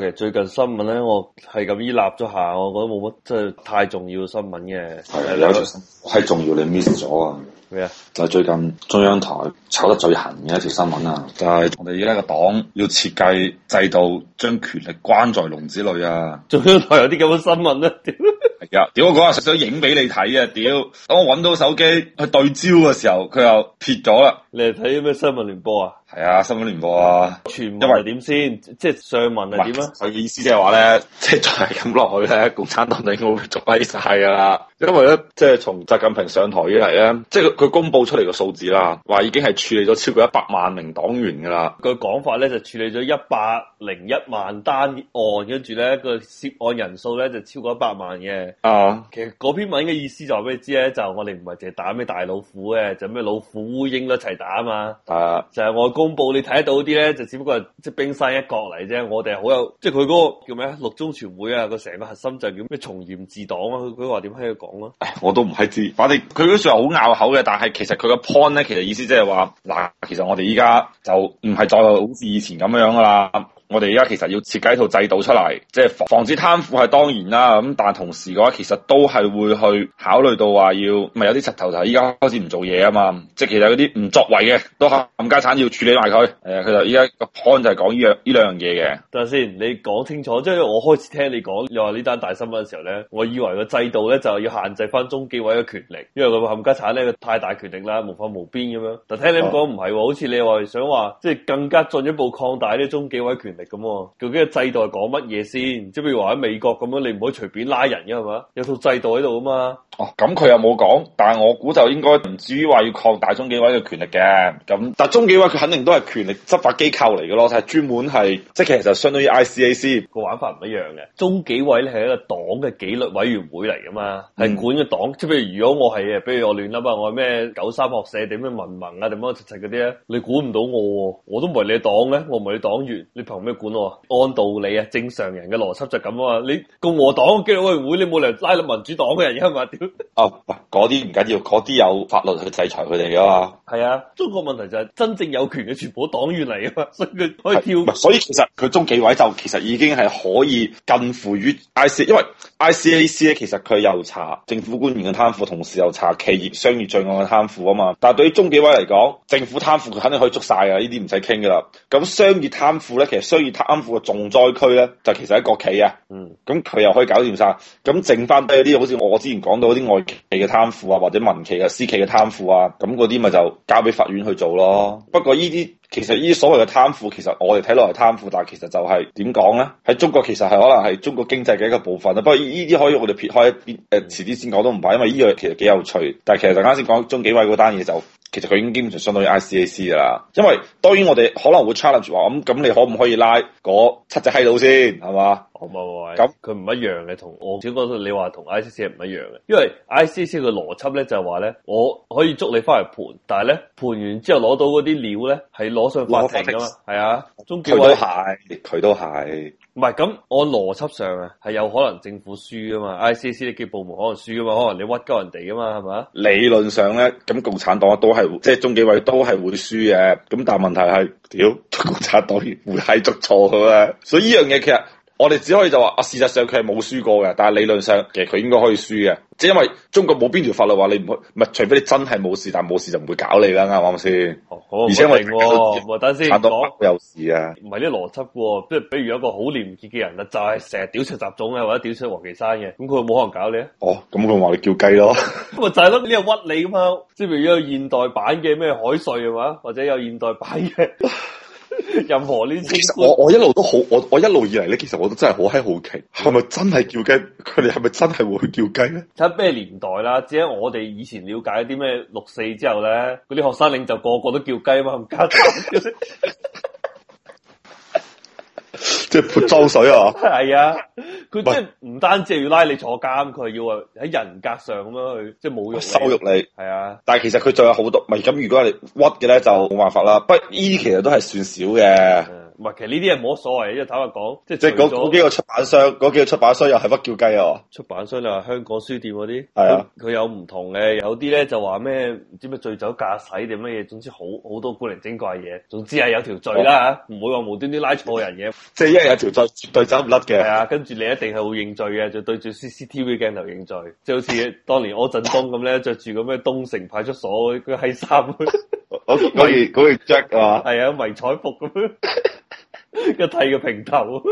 其實最近新聞咧，我係咁依立咗下，我覺得冇乜即係太重要新聞嘅。係啊，有一條，係重要你 miss 咗啊。咩啊？就係、最近中央台炒得最痕嘅一條新聞啊！就係、係、我哋而家個黨要設計制度，將權力關在籠子裏啊！中央台有啲咁嘅新聞啊？屌！ 啊！屌我話，日想影俾你睇啊！屌，等我揾到手機去對焦嘅時候，佢又撇咗啦。你係睇咩新聞聯播啊？係啊，新聞聯播啊，全部係點先？即係上文係點啊？佢嘅意思即係話咧，即係再係咁落去咧，共產黨應該會做低晒噶啦。因為咧，即係從習近平上台以嚟咧，即係佢佢公佈出嚟嘅數字啦，話已經係處理咗超過一百萬名黨員噶啦。佢講法咧就處理咗一百零一萬單案，跟住咧個涉案人數咧就超過一百萬嘅。啊、嗯，其實嗰篇文嘅意思就話俾你知咧？就我哋唔係淨係打咩大老虎嘅，就咩老虎、烏蠅都一齊打啊嘛。啊、嗯，就係、是、外公布你睇得到啲咧，就只不過即係冰山一角嚟啫。我哋好有，即係佢嗰個叫咩啊？六中全會啊，佢成個核心就叫咩？從嚴治黨啊，佢佢話點喺度講咯？我都唔係知，反正佢嗰句話好拗口嘅。但係其實佢個 point 咧，其實意思即係話嗱，其實我哋依家就唔係再有好似以前咁樣噶啦。我哋而家其實要設計一套制度出嚟，即係防止貪腐係當然啦。咁但係同時嘅話，其實都係會去考慮到話要，咪有啲石頭頭依家開始唔做嘢啊嘛。即係其實嗰啲唔作為嘅，都冚家產要處理埋佢。係佢就而家個 point 就係講呢樣呢兩樣嘢嘅。等下先，你講清楚，即係我開始聽你講，又話呢單大新聞嘅時候咧，我以為個制度咧就要限制翻中紀委嘅權力，因為佢冚家產咧個太大權力啦，無法無邊咁樣。但聽聽你咁講唔係喎，好、哦、似你話想話即係更加進一步擴大啲中紀委權力。力咁究竟個制度講乜嘢先？即係譬如話喺美國咁樣，你唔可以隨便拉人嘅係嘛？有套制度喺度啊嘛。哦，咁佢又冇講，但係我估就應該唔至於話要擴大中紀委嘅權力嘅。咁但係中紀委佢肯定都係權力執法機構嚟嘅咯，係、就係、專門係即係其實就相當於 ICAC 個玩法唔一樣嘅。中紀委咧係一個黨嘅紀律委員會嚟㗎嘛，係、嗯、管嘅黨。即係譬如如果我係，譬如我亂噏啊，我咩九三學社定咩文盟啊定乜柒柒嗰啲咧，你管唔到我喎，我都唔係你黨咧，我唔係你黨員，你憑？咩管按道理啊，正常人嘅邏輯就咁啊嘛。你共和黨嘅委員會，你冇理由拉到民主黨嘅人，而家嘛？哦，嗱，嗰啲唔緊要，嗰啲有法律去制裁佢哋啊嘛。係啊，中國問題就係真正有權嘅全部黨員嚟啊嘛，所以佢可以跳。所以其實佢中紀委就其實已經係可以近乎於 I C，因為 I C A C 咧，其實佢又查政府官員嘅貪腐，同時又查企業商業罪案嘅貪腐啊嘛。但係對於中紀委嚟講，政府貪腐佢肯定可以捉晒噶，呢啲唔使傾噶啦。咁商業貪腐咧，其實所以貪腐嘅重災區咧，就其實喺國企啊，咁、嗯、佢又可以搞掂晒。咁剩翻低嗰啲好似我之前講到嗰啲外企嘅貪腐啊，或者民企啊、私企嘅貪腐啊，咁嗰啲咪就交俾法院去做咯。不過呢啲其實呢啲所謂嘅貪腐，其實我哋睇落係貪腐，但其實就係點講咧？喺中國其實係可能係中國經濟嘅一個部分。不過呢啲可以我哋撇開一邊、呃、遲啲先講都唔怕，因為呢樣其實幾有趣。但其實就啱先講中紀委嗰單嘢就。其實佢已經基本上相當於 ICAC 㗎啦，因為當然我哋可能會 challenge 話咁咁，你可唔可以拉嗰七隻閪佬先係嘛？咁佢唔一樣嘅，同我小哥，你話同 ICAC 唔一樣嘅，因為 ICAC 嘅邏輯咧就係話咧，我可以捉你翻嚟盤，但係咧盤完之後攞到嗰啲料咧係攞上法庭噶嘛？係啊，中叫都係，佢都係。唔係咁，我邏輯上係有可能政府輸㗎嘛，I C C 啲部門可能輸㗎嘛，可能你屈鳩人哋㗎嘛，係咪？理論上呢，咁共產黨都係即係中紀委都係會輸嘅，咁但問題係，屌共產黨會係捉錯佢啊，所以呢樣嘢其實。我哋只可以就話啊，事實上佢係冇輸過嘅，但係理論上其實佢應該可以輸嘅，即係因為中國冇邊條法律話你唔去，唔係除非你真係冇事，但係冇事就唔會搞你啦，啱唔啱先？哦，好、那個，而且我哋先，差唔多有事啊，唔係啲邏輯喎，即係比如一個好廉潔嘅人啦，就係成日屌出習總嘅，或者屌出王岐山嘅，咁佢冇可能搞你啊？哦，咁佢話你叫雞咯，咁 咪 就係咯，你又屈你咁樣，即係比如有現代版嘅咩海瑞啊嘛，或者有現代版嘅。 任何呢？其實我我一路都好，我我一路以嚟咧，其實我都真係好嗨好奇，係咪真係叫雞？佢哋係咪真係會叫雞咧？睇下咩年代啦？只係我哋以前了解啲咩六四之後咧，嗰啲學生領袖就個個都叫雞啊嘛，咁搞 潑髒水啊！係 啊，佢即係唔單止要拉你坐監，佢係要啊喺人格上咁樣去，即係侮辱你。羞辱你，係啊！但係其實佢仲有好多，唔係咁。如果你屈嘅咧，就冇辦法啦，啊。不過，呢啲其實都係算少嘅。唔係，其實呢啲嘢冇乜所謂，即係坦白講，即係即係嗰嗰幾個出版商，嗰幾個出版商又係乜叫雞啊！出版商啊，香港書店嗰啲係啊，佢有唔同嘅，有啲咧就話咩唔知咩醉酒駕駛定乜嘢，總之好好多古靈精怪嘢，總之係有條罪啦吓，唔會話無端端拉錯人嘢，即係因人有條罪，絕對走唔甩嘅。係啊，跟住你一定係會認罪嘅，就對住 C C T V 鏡頭認罪，就好似當年柯震東咁咧，着住個咩東城派出所佢係衫，好似件嗰件 jack 啊，係啊，迷彩服咁樣。一剃個平頭。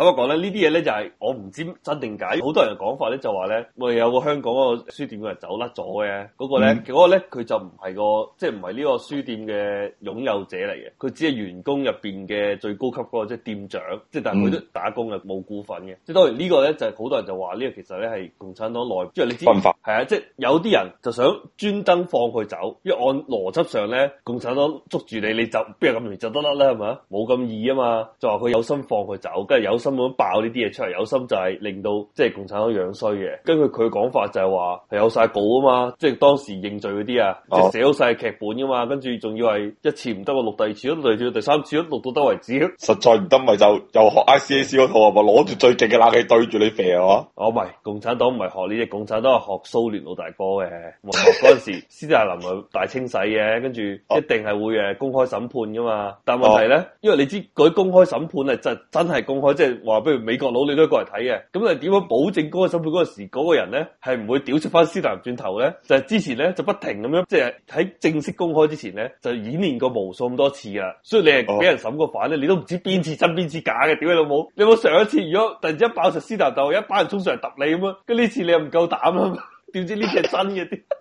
咁我講咧，呢啲嘢咧就係我唔知真定假。好多人講法咧就話咧，哋有個香港個書店嘅人走甩咗嘅，嗰個咧，嗰個咧佢就唔係個即係唔係呢個書店嘅擁有者嚟嘅，佢只係員工入面嘅最高級嗰個，即係店長，即係但佢都打工嘅，冇股份嘅。即係當然呢個咧就係好多人就話呢個其實咧係共產黨內部即係你知化。係啊，即、就是、有啲人就想專登放佢走，因為按邏輯上咧，共產黨捉住你，你就邊有咁容易走得甩咧？係咪啊？冇咁易啊嘛。就話佢有心放佢走，跟住有心。根本爆呢啲嘢出嚟，有心就係令到即係共產黨樣衰嘅。根據佢講法就係話係有晒稿啊嘛，即係當時認罪嗰啲啊，寫好晒劇本噶嘛。跟住仲要係一次唔得，我錄第二次，都第二第三次都錄到得為止。實在唔得，咪就又學 ICAC 嗰套啊，咪攞住最勁嘅冷氣對住你肥啊。哦，唔係共產黨唔係學呢隻共產黨，係學蘇聯老大哥嘅。嗰陣時候 斯大林咪大清洗嘅，跟住一定係會誒公開審判噶嘛。但係問題咧，啊、因為你知佢公開審判咧真真係公開，即係。話不如美國佬你都過嚟睇嘅，咁你點樣保證嗰個審判嗰時嗰、嗰個人咧係唔會屌出翻斯大林轉頭咧？就係、是、之前咧就不停咁樣，即係喺正式公開之前咧就演練過無數咁多次噶，所以你係俾人審過反咧，你都唔知邊次真邊次假嘅。屌你老母，你有冇上一次如果突然之間爆實斯坦豆，有一班人衝上嚟揼你咁啊，跟呢次你又唔夠膽啊，點 知呢只係真嘅？啲？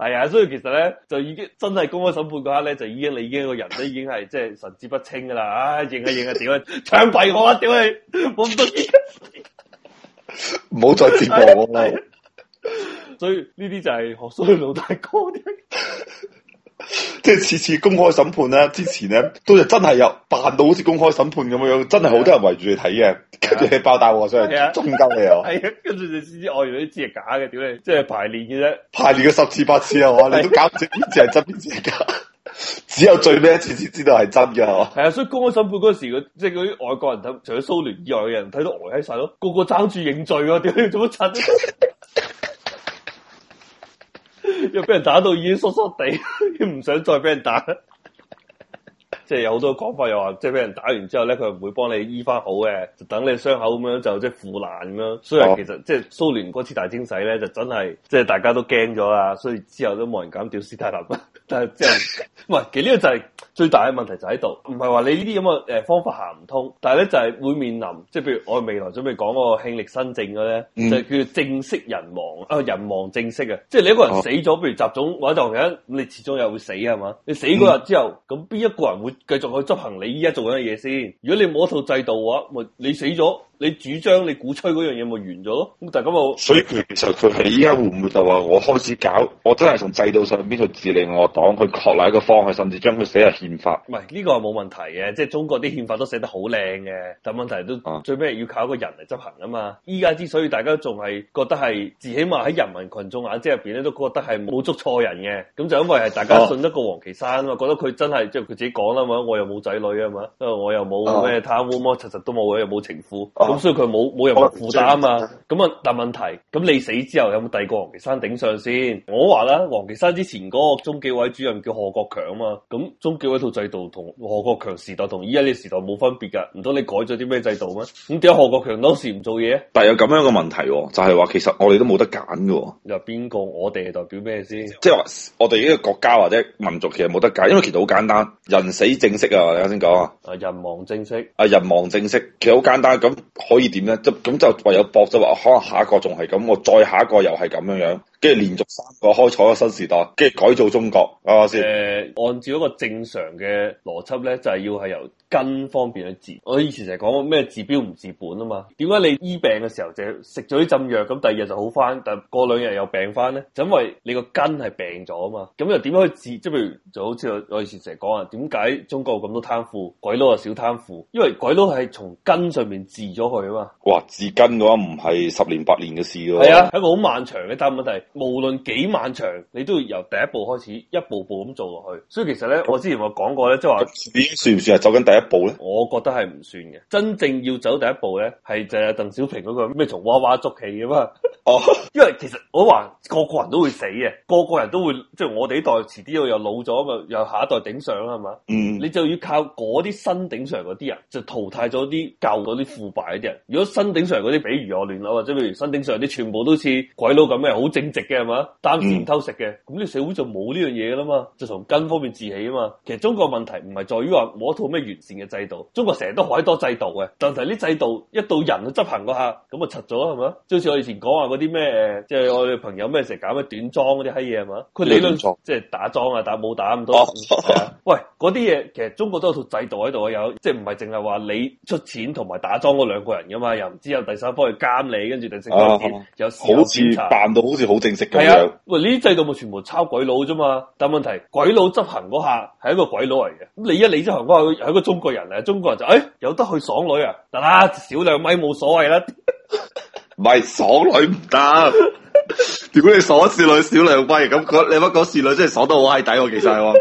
係啊，所以其實咧就已經真係公開審判嗰刻咧，就已經，就已經你已經個人都已經係即係神志不清噶啦， 啊，認啊認啊，點啊，槍斃我啊，點啊，我唔得嘅，唔好再折磨我啦。所以呢啲就係學衰老大哥。即係次次公開審判咧，之前咧都係真係有扮到好似公開審判咁樣樣，真係好多人圍住你睇嘅，跟住你包大鑊，上嚟中間你又。係啊，跟住你知唔知？我原來啲知係假嘅，屌你，即係排練嘅啫，排練咗十次八次啊，你都搞唔清邊字係真邊字係假，只有最尾一次先知道係真嘅係嘛？係啊，所以公開審判嗰時，即係嗰啲外國人睇，除咗蘇聯以外嘅人睇到呆喺晒咯，個個爭住認罪啊，屌你做乜？ 又俾人打到已經縮縮地，唔想再俾人打了。即 係有好多講法又說，又話即係俾人打完之後咧，佢唔會幫你醫翻好嘅，就等你傷口咁樣就即係腐爛咁樣。雖然其實即係、就是、蘇聯嗰次大清洗咧，就真係即係大家都驚咗啦，所以之後都冇人敢屌斯太林。但係即係唔係？其實呢個就係最大嘅問題就喺度，唔係話你呢啲咁嘅誒方法行唔通，但係咧就係、是、會面臨，即係譬如我未來準備講嗰個慶力新政嘅咧，嗯、就是叫正式人亡啊，人亡正式嘅，即係你一個人死咗，哦、譬如集種或者咁樣，咁你始終又會死係嘛？你死嗰日之後，咁、嗯、邊一個人會繼續去執行你依家做緊嘅嘢先？如果你冇一套制度嘅話，你死咗。你主張你鼓吹嗰樣嘢咪完咗咯？咁但係咁所以其實佢係依家會唔會就話我開始搞？我真係從制度上面去治理我黨，去確立一個方向，甚至將佢寫入憲法。唔係呢個係冇問題嘅，即係中國啲憲法都寫得好靚嘅。但問題都、啊、最尾係要靠一個人嚟執行啊嘛。依家之所以大家仲係覺得係，至少喺人民群眾眼鏡入面咧都覺得係冇捉錯人嘅。咁就因為大家信得過王岐山嘛啊，覺得佢真係即係佢自己講啦嘛。我又冇仔女啊嘛，我又冇咩貪污魔，柒柒都冇，又冇情婦。啊。咁所以佢冇冇任何負擔啊嘛，咁啊，但問題，咁你死之後有冇第二個王岐山頂上先？我話啦，王岐山之前嗰個中紀委主任叫賀國強啊嘛，咁中紀委一套制度同賀國強時代同依家呢時代冇分別噶，唔通你改咗啲咩制度咩？咁點解賀國強當時唔做嘢但係有咁樣嘅問題，哦，就係、是、話其實我哋都冇得揀噶，哦。又邊個？我哋係代表咩先？即係話我哋呢個國家或者民族其實冇得揀，因為其實好簡單，人死正式啊！你啱先講啊，啊人亡正式。啊人亡正式其實好簡單咁。可以點咧？咁就，就唯有博，就話，可能下一個仲係咁，我再下一個又係咁樣樣。跟住連續三個開採咗新時代，跟住改造中國，啱先？誒、呃，按照一個正常嘅邏輯咧，就係、是、要係由根方面去治。我以前成日講咩治標唔治本啊嘛。點解你醫病嘅時候就食咗啲浸藥，咁第二日就好翻，但過兩日又病翻咧？就因為你個根係病咗啊嘛。咁又點樣去治？即譬如就好似我以前成日講啊，點解中國咁多貪腐，鬼佬又少貪腐？因為鬼佬係從根上面治咗佢啊嘛。哇！治根嘅話唔係十年八年嘅事咯，係啊，係一個好漫長嘅單問題。無論幾漫長，你都要由第一步開始，一步步咁做落去。所以其實咧，我之前話講過咧，即係話，你算唔算係走緊第一步咧？我覺得係唔算嘅。真正要走第一步咧，係就係鄧小平嗰個咩從娃娃捉起嘅嘛。哦、oh.，因為其實我話個個人都會死嘅，個個人都會，即係我哋呢代遲啲又又老咗嘛，又下一代頂上啦，係嘛。嗯、mm.。你就要靠嗰啲新頂上嗰啲人，就淘汰咗啲舊嗰啲腐敗嗰啲人。如果新頂上嗰啲，比如我亂諗或者譬如新頂上啲全部都似鬼佬咁嘅，好正正。嘅係嘛，單線偷食嘅，咁、嗯、呢社會就冇呢樣嘢啦嘛，就從根方面治起啊嘛。其實中國問題唔係在於話冇一套咩完善嘅制度，中國成日都好多制度嘅，但係啲制度一到人去執行嗰下，咁啊柒咗係嘛。好似我以前講話嗰啲咩，即係我哋朋友咩成日搞咩短樁嗰啲閪嘢係嘛，佢理論即係打樁啊打冇、啊、 打咁多。 喂，嗰啲嘢其實中國都有套制度喺度啊，有即係唔係淨係話你出錢同埋打樁嗰兩個人噶嘛，又唔知有第三方去監你，跟住第四方面有事後檢查，扮到好似好正係啊，喂！呢啲制度咪全部抄鬼佬啫嘛？但問題鬼佬執行嗰下係一個鬼佬嚟嘅，咁你一你執行嗰下係一個中國人嚟，中國人就誒、哎、有得去爽女啊，得啦，小兩米冇所謂啦，唔係爽女唔得， 如果你爽侍女小兩米，咁你乜講侍女真係爽得好閪抵喎，我其實。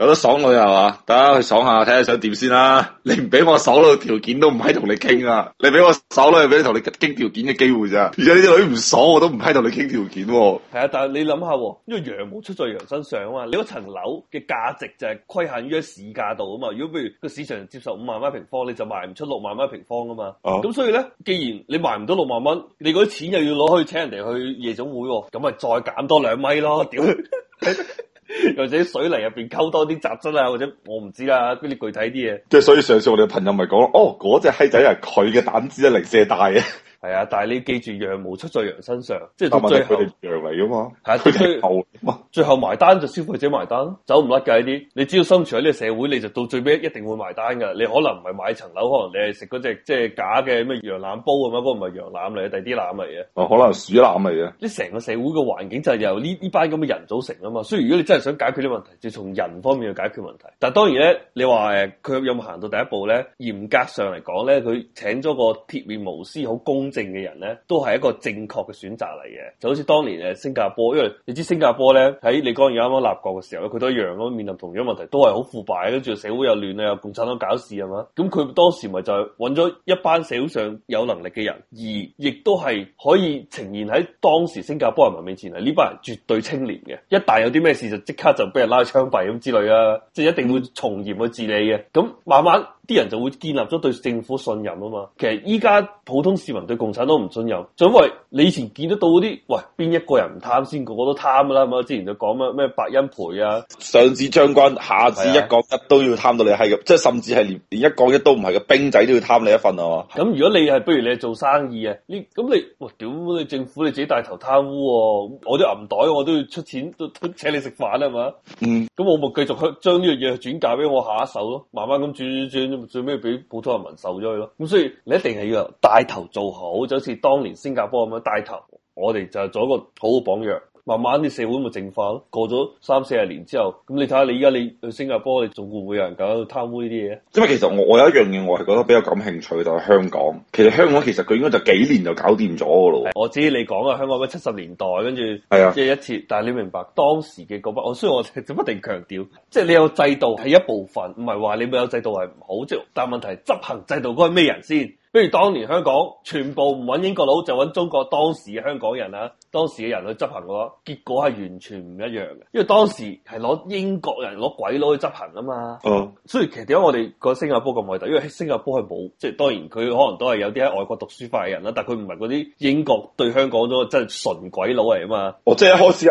有得爽女係嘛？大家去爽下，睇下想點先啦。你唔俾我爽女條件，都唔喺同你傾啊，你俾我爽女，俾你同你傾條件嘅機會咋？而且呢啲女唔爽，我都唔喺同你傾條件。係啊，但係你諗下，因為羊毛出在羊身上啊嘛。你嗰層樓嘅價值就係規限於個市價度啊嘛。如果譬如個市場接受五萬蚊一平方，你就賣唔出六萬蚊一平方啊嘛。咁所以咧，既然你賣唔到六萬蚊，你嗰啲錢又要攞去請人哋去夜總會，咁咪再減多兩米咯？屌！ 或者啲水泥入邊溝多啲雜質啊，或者我唔知啦，嗰啲具體啲嘢。即係所以，上次我哋嘅朋友咪講咯，哦，嗰隻閪仔係佢嘅膽子真係零舍大嘅。 係啊，但係你記住羊毛出在羊身上，即、就、係、是、到最後羊嚟啊嘛，係啊，最最後最後埋單就消費者埋單，走唔甩噶呢啲。你只要生存喺呢個社會，你就到最尾一定會埋單噶。你可能唔係買層樓，可能你係食嗰隻即係假嘅咩羊腩煲啊嘛，嗰唔係羊腩嚟，嘅，第啲腩嚟嘅。可能是鼠腩嚟嘅。啲成個社會嘅環境就係由呢呢班咁嘅人組成啊嘛。所以如果你真係想解決啲問題，就從人方面去解決問題。但係當然咧，你話誒佢有冇行到第一步咧？嚴格上嚟講咧，佢請咗個鐵面無私好公。正嘅人咧，都係一個正確嘅選擇嚟嘅，就好似當年誒新加坡，因為你知新加坡咧喺李光耀啱啱立國嘅時候，佢都一樣咯，面臨同樣問題，都係好腐敗，跟住社會又亂啊，有共產黨搞事係嘛，咁佢當時咪就揾咗一班社會上有能力嘅人，而亦都係可以呈現喺當時新加坡人民面前啊，呢班人絕對清廉嘅，一旦有啲咩事就即刻就俾人拉去槍斃咁之類啊，即係一定會從嚴去治理嘅，咁慢慢。啲人就會建立咗對政府信任啊嘛，其實依家普通市民對共產黨唔信任，就因為你以前見得到嗰啲，喂，邊一個人唔貪先，個個都貪噶啦，咁之前就講乜咩白恩培啊，上至將軍，下至一降一、啊、都要貪到你係咁，即係甚至係連一降一都唔係嘅兵仔都要貪你一份啊嘛。咁如果你係不如你係做生意啊，你咁你喂，屌，你政府你自己帶頭貪污、啊，我啲銀袋我都要出錢都請你食飯啦嘛。嗯，咁我咪繼續將呢樣嘢轉嫁俾我下一手咯，慢慢咁轉轉。轉最尾俾普通人民受咗佢咯，咁所以你一定係要帶頭做好，就好似當年新加坡咁樣帶頭，我哋就做一個好好榜樣。慢慢啲社會咪淨化咯，過咗三四十年之後，咁你睇下你依家你去新加坡，你仲會唔會有人搞貪污呢啲嘢？因為其實我我有一樣嘢，我係覺得比較感興趣，就係香港。其實香港其實佢應該就幾年就搞掂咗噶咯。我知你講啊，香港七十年代跟住係啊，即係一次。但係你明白當時嘅嗰筆，我雖然我一定強調，即係你有制度係一部分，唔係話你冇有制度係唔好。即係但問題執行制度嗰係咩人先？不如當年香港全部唔揾英國佬，就揾中國當時嘅香港人啊！當時嘅人去執行嘅話，結果係完全唔一樣嘅，因為當時係攞英國人攞鬼佬去執行啊嘛。哦、嗯，所以其實點解我哋個新加坡咁偉大？因為新加坡係冇即係當然佢可能都係有啲喺外國讀書法嘅人啦，但佢唔係嗰啲英國對香港咗真係純鬼佬嚟啊嘛。我、哦、即係一開始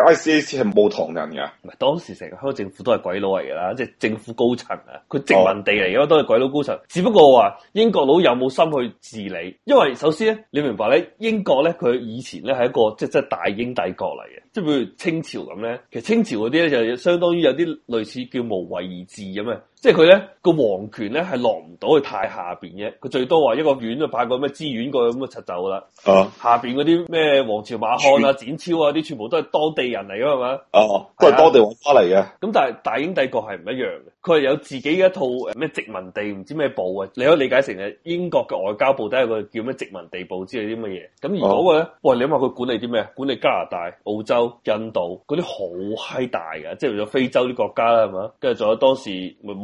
ICAC 係冇唐人㗎，唔係當時成個香港政府都係鬼佬嚟㗎啦，即係政府高層啊，佢殖民地嚟，嘅、哦，都係鬼佬高層。只不過話英國佬有冇心去治理？因為首先咧，你明白咧，英國咧佢以前咧係一個即即。即大英帝國嚟嘅，即係譬如清朝咁咧，其實清朝嗰啲咧就相當於有啲類似叫無為而治咁啊。即係佢咧，個皇權咧係落唔到去太下邊嘅，佢最多話一個縣，就派個咩知縣個咁啊出走啦。啊，下邊嗰啲咩王朝馬漢啊、展昭啊啲，全部都係當地人嚟噶嘛？哦、啊啊，都係當地王花嚟嘅。咁但係大英帝國係唔一樣嘅，佢係有自己一套誒咩殖民地唔知咩部啊，你可以理解成係英國嘅外交部都係個叫咩殖民地部之類啲乜嘢。咁而嗰個咧，喂、啊，你諗下佢管理啲咩？管理加拿大、澳洲、印度嗰啲好閪大嘅，即係譬如非洲啲國家啦，係嘛？跟住仲有當時。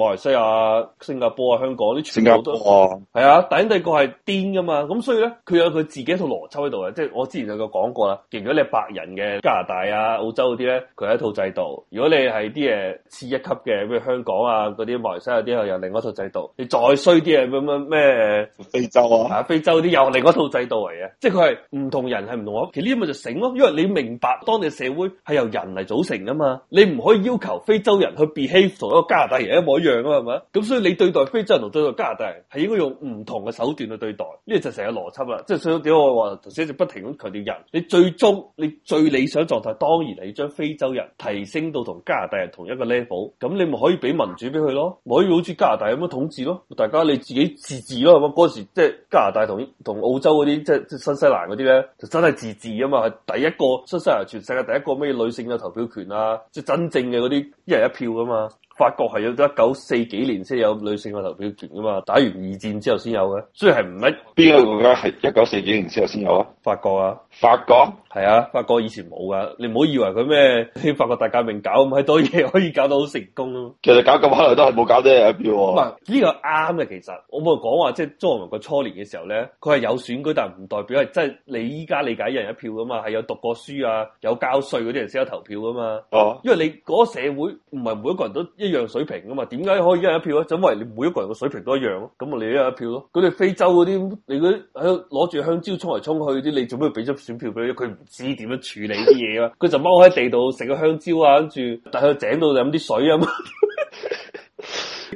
馬來西亞、新加坡啊、香港啲全部都係啊，大英帝國係癲噶嘛，咁所以咧，佢有佢自己一套邏輯喺度嘅。即係我之前有個講過啦。如果你係白人嘅加拿大啊、澳洲嗰啲咧，佢係一套制度；如果你係啲誒次一級嘅，譬如香港啊、嗰啲馬來西亞啲，又另一套制度。你再衰啲啊，咩咩咩非洲啊？啊非洲啲又另一套制度嚟嘅，即係佢係唔同人係唔 同。我其實呢咪就醒咯，因為你明白當地社會係由人嚟組成噶嘛，你唔可以要求非洲人去 behave 同一個加拿大人一模一樣。係咪？咁所以你對待非洲人同對待加拿大人係應該用唔同嘅手段去對待，呢個就成日邏輯啦。即係想點我話，同先一直不停咁強調人，你最終你最理想狀態，當然你將非洲人提升到同加拿大人同一個 level，咁你咪可以俾民主俾佢咯，可以好似加拿大咁樣統治咯，大家你自己自治咯。咁嗰時即係加拿大同同澳洲嗰啲，即係即係新西蘭嗰啲咧，就真係自治啊嘛，係第一個新西蘭，全世界第一個咩女性嘅投票權啊，即、就、係、是、真正嘅嗰啲一人一票啊嘛。法國係要一九四幾年先有女性嘅投票權噶嘛？打完二戰之後先有嘅，所以係唔係邊個國家係一九四幾年之後先有啊？法國啊，法國係啊，法國以前冇噶，你唔好以為佢咩？你法國大革命搞咁閪多嘢，可以搞到好成功咯、啊。其實搞咁可能都係冇搞到一人一票、啊。唔係呢個啱嘅，其實我冇講話即係民國初年嘅時候咧，佢係有選舉，但係唔代表係真係你依家理解一人一票噶嘛？係有讀過書啊，有交稅嗰啲人先有投票噶嘛？哦、啊，因為你嗰、那個、社會唔係每一個人都。一樣水平噶嘛？點解可以一人一票咧？就因為你每一個人個水平都一樣咯，咁咪你一人一票咯。佢哋非洲嗰啲，你嗰啲喺度攞住香蕉衝嚟衝去啲，你做咩俾咗選票俾佢？佢唔知點樣處理啲嘢啊。佢就踎喺地度食個香蕉啊，跟住但喺井度就飲啲水啊嘛。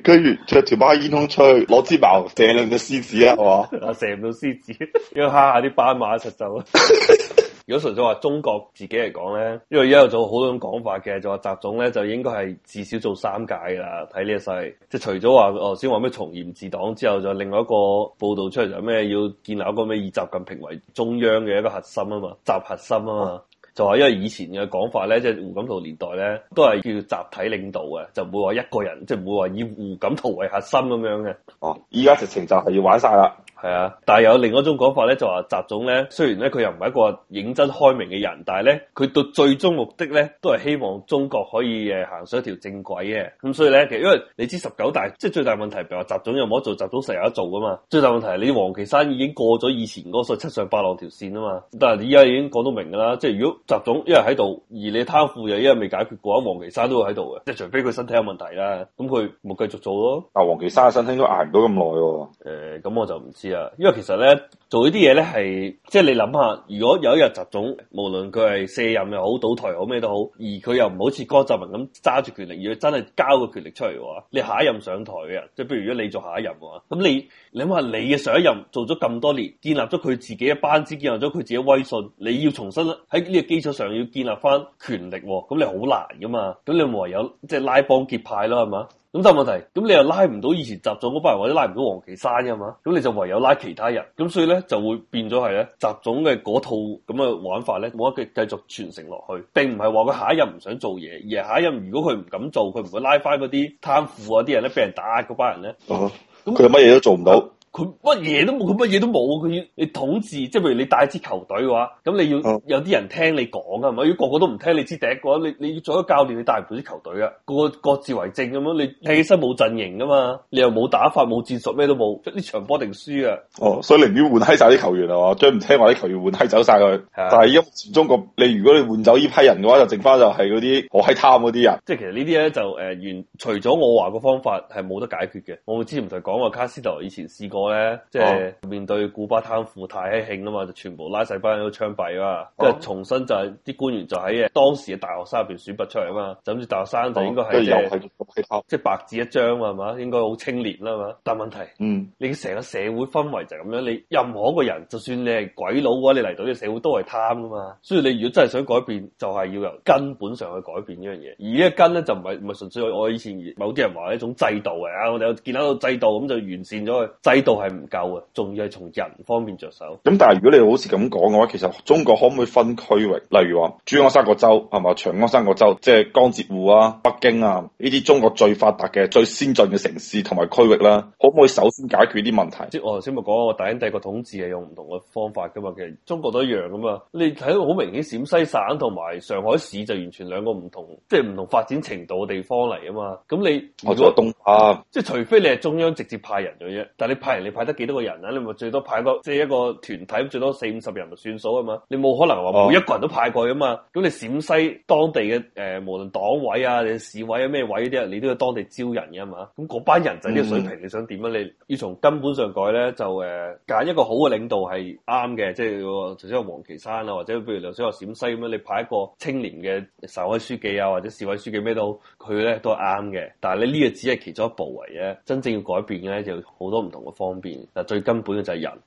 跟住着條孖煙筒吹，攞支矛射兩隻獅子啊，係嘛？射唔到獅子，因為吓下啲斑馬一齊走。 如果純粹話中國自己嚟講咧，因為而家有做好多種講法嘅，就話習總咧就應該係至少做三屆噶啦，睇呢一世。即係除咗話頭先話咩從嚴治黨之後，就另外一個報道出嚟就咩要建立一個咩以習近平為中央嘅一個核心啊嘛，習核心啊嘛，就話因為以前嘅講法咧，即係胡錦濤年代咧，都係叫集體領導嘅，就唔會話一個人，即係唔會話以胡錦濤為核心咁樣嘅。哦、啊，依家直情就係要玩晒啦。係啊，但係有另一種講法咧，就話習總咧，雖然咧佢又唔係一個認真開明嘅人，但係咧佢到最終目的咧，都係希望中國可以誒行上一條正軌嘅。咁所以咧，其實因為你知十九大即係最大問題，譬如話習總有冇得做，習總成日得做噶嘛。最大問題你王岐山已經過咗以前嗰個七上八落條綫啊嘛。但係而家已經講到明噶啦，即係如果習總一日喺度，而你貪腐又一日未解決過，王岐山都會喺度嘅，即係除非佢身體有問題啦，咁佢冇繼續做咯。啊，王岐山嘅身體應該捱唔到咁耐喎。誒、欸，咁我就唔知。因為其實咧做呢啲嘢咧係即係你諗下，如果有一日習總無論佢係卸任又好，倒台好，咩都好，而佢又唔好似江澤民咁揸住權力，而佢真係交個權力出嚟嘅話，你下一任上台嘅，即係比如如果你做下一任嘅話，咁你諗下，你嘅上一任做咗咁多年，建立咗佢自己嘅班子，建立咗佢自己嘅威信，你要重新喺呢個基礎上要建立翻權力，咁你好難噶嘛，咁你咪唯有即係拉幫結派啦，係嘛？咁、那、就、個、問題，咁你又拉唔到以前習總嗰班人，或者拉唔到王岐山嘅嘛？咁你就唯有拉其他人，咁所以咧就會變咗係咧習總嘅嗰套咁嘅玩法咧，冇得繼繼續傳承落去，並唔係話佢下一任唔想做嘢，而係下一任如果佢唔敢做，佢唔會拉翻嗰啲貪腐啊啲人咧，俾人打嗰班人咧，哦、啊，佢乜嘢都做唔到。嗯佢乜嘢都冇，佢乜嘢都冇。佢要你統治，即係譬如你帶支球隊嘅話，咁你要有啲人聽你講啊嘛。如果個個都唔聽你支笛嘅話，你知第一個你，你要做咗教練，你帶唔到支球隊嘅。個個各自為政咁樣，你起起身冇陣型噶嘛，你又冇打法，冇戰術，咩都冇。呢場波一定輸啊！哦，所以寧願換閪晒啲球員啊！將唔聽話啲球員換閪走晒佢。但係因為中國，你如果你換走呢批人嘅話，就剩翻就係嗰啲好閪貪嗰啲人。即係其實呢啲咧就誒、呃，除除咗我話個方法係冇得解決嘅。我之前唔同講話卡斯特羅以前試過。咧即係面對古巴貪腐太興啊嘛，就全部拉晒班人去槍斃嘛。啊、即係重新就係、是、啲官員就喺嘅當時嘅大學生入邊選拔出嚟啊嘛，就諗住大學生就應該係、嗯、即係白紙一張啊嘛，應該好清廉啦嘛。但問題，嗯，你成個社會氛圍就係咁樣，你任何一個人，就算你係鬼佬嘅話，你嚟到呢個社會都係貪噶嘛。所以你如果真係想改變，就係、是、要由根本上去改變呢樣嘢。而根呢根咧就唔係唔係純粹我以前某啲人話一種制度嘅啊，我哋見到制度咁就完善咗個制度。係唔夠啊！仲要係從人方面着手。咁但係如果你好似咁講嘅話，其實中國可唔可以分區域？例如話珠江三角洲係嘛，長江三角洲，即係江浙滬啊、北京啊呢啲中國最發達嘅、最先進嘅城市同埋區域啦，可唔可以首先解決啲問題？即係我頭先咪講，個大英帝國統治係用唔同嘅方法噶嘛。其實中國都一樣噶嘛。你睇好明顯，陝西省同埋上海市就完全兩個唔同，即係唔同發展程度嘅地方嚟啊嘛。咁你我做東啊！即係除非你係中央直接派人嘅啫，但係你派人你派得幾多個人啊？你咪最多派多即係一個團體，最多四五十人就算數啊嘛。你冇可能話每一個人都派過嘅嘛。咁、oh. 你陝西當地嘅誒、呃，無論黨委啊、你市委啊、咩委嗰啲啊，你都要當地招人嘅嘛。咁嗰班人仔啲水平，你想點啊？你要從根本上改咧，就誒揀、呃、一個好嘅領導係啱嘅，即係頭先個王岐山啊，或者譬如頭先話陝西咁樣，你派一個青年嘅省委書記啊，或者市委書記咩都佢咧都啱嘅。但係你呢個只係其中一部位啫，真正要改變咧就好多唔同嘅方法。方便，但最根本嘅就係人。